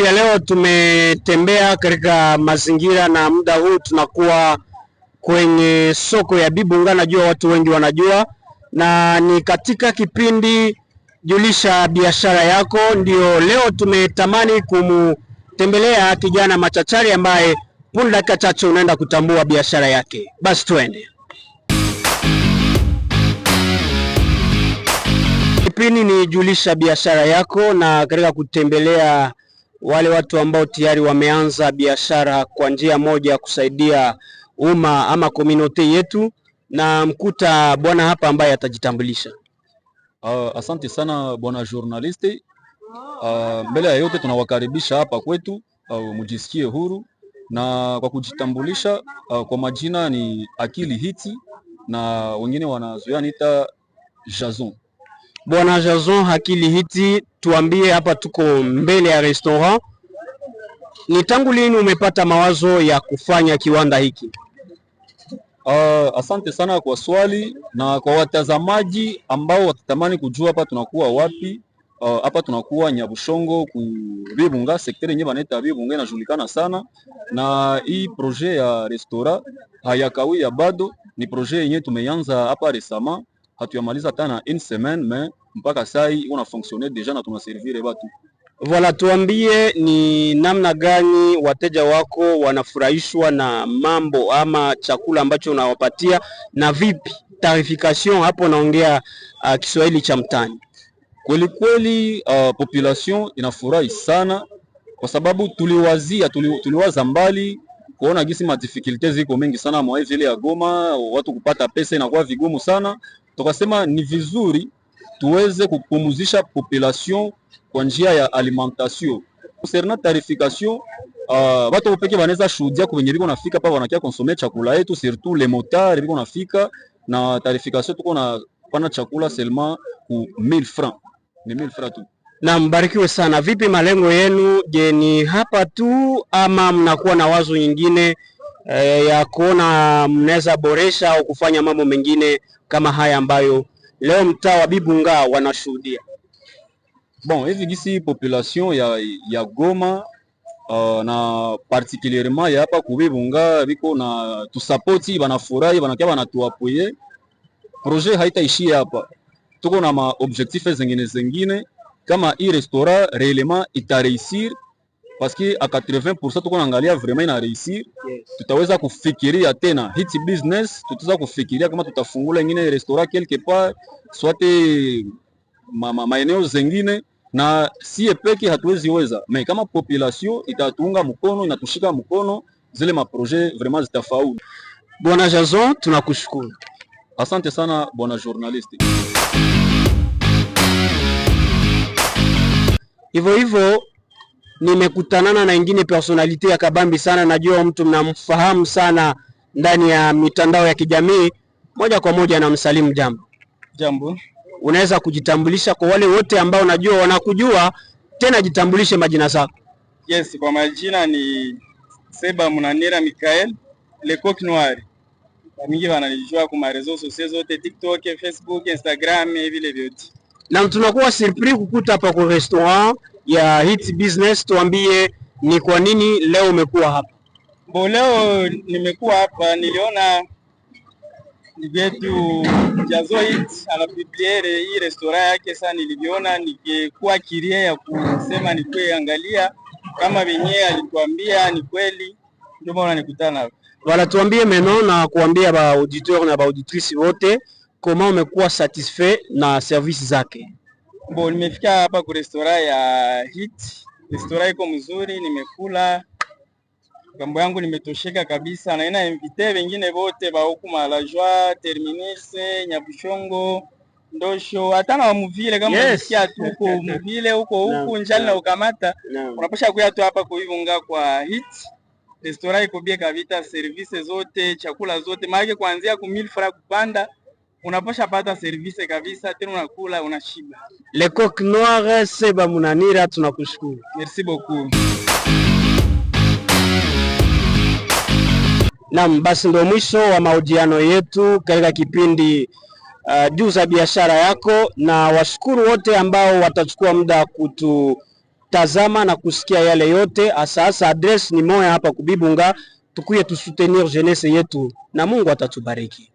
siku ya leo tumetembea katika mazingira na muda huu tunakuwa kwenye soko ya Bibunga, najua watu wengi wanajua, na ni katika kipindi Julisha Biashara Yako. Ndio leo tumetamani kumtembelea kijana machachari ambaye punde dakika chache unaenda kutambua biashara yake. Basi twende. Kipindi ni Julisha Biashara Yako, na katika kutembelea wale watu ambao tayari wameanza biashara kwa njia moja kusaidia umma ama community yetu, na mkuta bwana hapa ambaye atajitambulisha. Uh, asante sana bwana journalisti. Uh, ah, mbele ya yote tunawakaribisha hapa kwetu, uh, mujisikie huru na kwa kujitambulisha. Uh, kwa majina ni Akili Hiti na wengine wanazoea nita Jason. Bwana Jason Hakili Hiti, tuambie hapa, tuko mbele ya restaurant. Ni tangu lini umepata mawazo ya kufanya kiwanda hiki? Uh, asante sana kwa swali na kwa watazamaji ambao watatamani kujua hapa tunakuwa wapi. Uh, hapa tunakuwa Nyabushongo ku Bibunga, sekteri yenye banaita Bibunga inajulikana sana, na hii proje ya restaurant hayakawia bado, ni proje yenyewe tumeanza hapa resama hatuyamaliza tana une semaine mais mpaka sai una fonctionner deja na tunaservire batu. Voilà, tuambie ni namna gani wateja wako wanafurahishwa na mambo ama chakula ambacho unawapatia na vipi tarification hapo? Naongea uh, Kiswahili cha mtani kweli kweli. Uh, population inafurahi sana kwa sababu tuliwazia, tuli, tuliwaza mbali kuona gisi madifikulte ziko mengi sana mwa vile ya Goma, watu kupata pesa inakuwa vigumu sana. Tukasema ni vizuri tuweze kupumuzisha population kwa njia ya alimentation Kuserna tarification uh, watu upeke banaweza shuhudia kwenye biko nafika pa wanakia konsome chakula yetu, surtout le motard biko nafika na tarification, tuko na pana chakula selma ku 1000 francs ni 1000 francs tu. Na mbarikiwe sana. Vipi malengo yenu? Je, ni hapa tu ama mnakuwa na wazo nyingine e, ya kuona mnaweza boresha au kufanya mambo mengine kama haya ambayo leo mtaa wa Bibunga wanashuhudia? Bon, hivi gisi population ya, ya Goma uh, na particulierement ya hapa kubibunga biko na tusapoti, banafurahi banakia, banatuapoye projet haitaishia hapa, tuko na maobjectif zengine zengine kama hii restaurant reelema itareisir paske a 80% tuko naangalia vraiment ina reisir, tutaweza kufikiria tena hiti business, tutaweza kufikiria kama tutafungula ingine restaurant quelque part swate ma, ma, maeneo zengine na si epeki hatuwezi weza me, kama population itatuunga mkono inatushika mkono, zile maproje vraiment zitafaulu. Bwana Jason, tunakushukuru asante sana bwana journaliste. Hivyo hivyo nimekutanana na ingine personality ya kabambi sana, najua mtu mnamfahamu sana ndani ya mitandao ya kijamii. Moja kwa moja namsalimu, jambo jambo. Unaweza kujitambulisha kwa wale wote ambao najua wanakujua, tena jitambulishe majina zako. Yes, kwa majina ni Seba Munanira Mikael Lecoq Noir. Mingi wananijua kwa marezo sosial zote TikTok, Facebook, Instagram vile vyote na tunakuwa surpris kukuta hapa kwa restaurant ya Hit Business. Tuambie ni kwa nini leo umekuwa hapa? Bo, leo nimekuwa hapa, niliona vyetu jazo Hit anapibliere hii restaurant yake sana, niliviona nikikuwa kiria ya kusema nikwe angalia kama venyewe alikwambia ni kweli, ndio maana nikutana hapa. Wala tuambie meno na kuambia ba auditeur na ba auditrice wote koma umekuwa satisfait na service zake? Bo, nimefika hapa ku restaurant ya Hit. Restaurant iko mzuri, nimekula gambo yangu nimetosheka kabisa, na ina invite wengine bote baokuma la joie terminise Nyabushongo ndosho hata na muvile kama yes. Tuko muvile huko huku njali na ukamata no. Unapasha kuya tu hapa kuivunga kwa Hit restaurant iko bie kabisa, service zote chakula zote maake kuanzia ku 1000 franc kupanda unaposha pata service kabisa, tena unakula unashiba. Le coq noir Seba Munanira, tunakushukuru. Merci beaucoup. Naam, basi ndio mwisho wa mahojiano yetu katika kipindi uh, juu za biashara yako, na washukuru wote ambao watachukua muda kututazama na kusikia yale yote. asa, address ni moya hapa Kubibunga, tukuye tusutenir jeunesse yetu na Mungu atatubariki.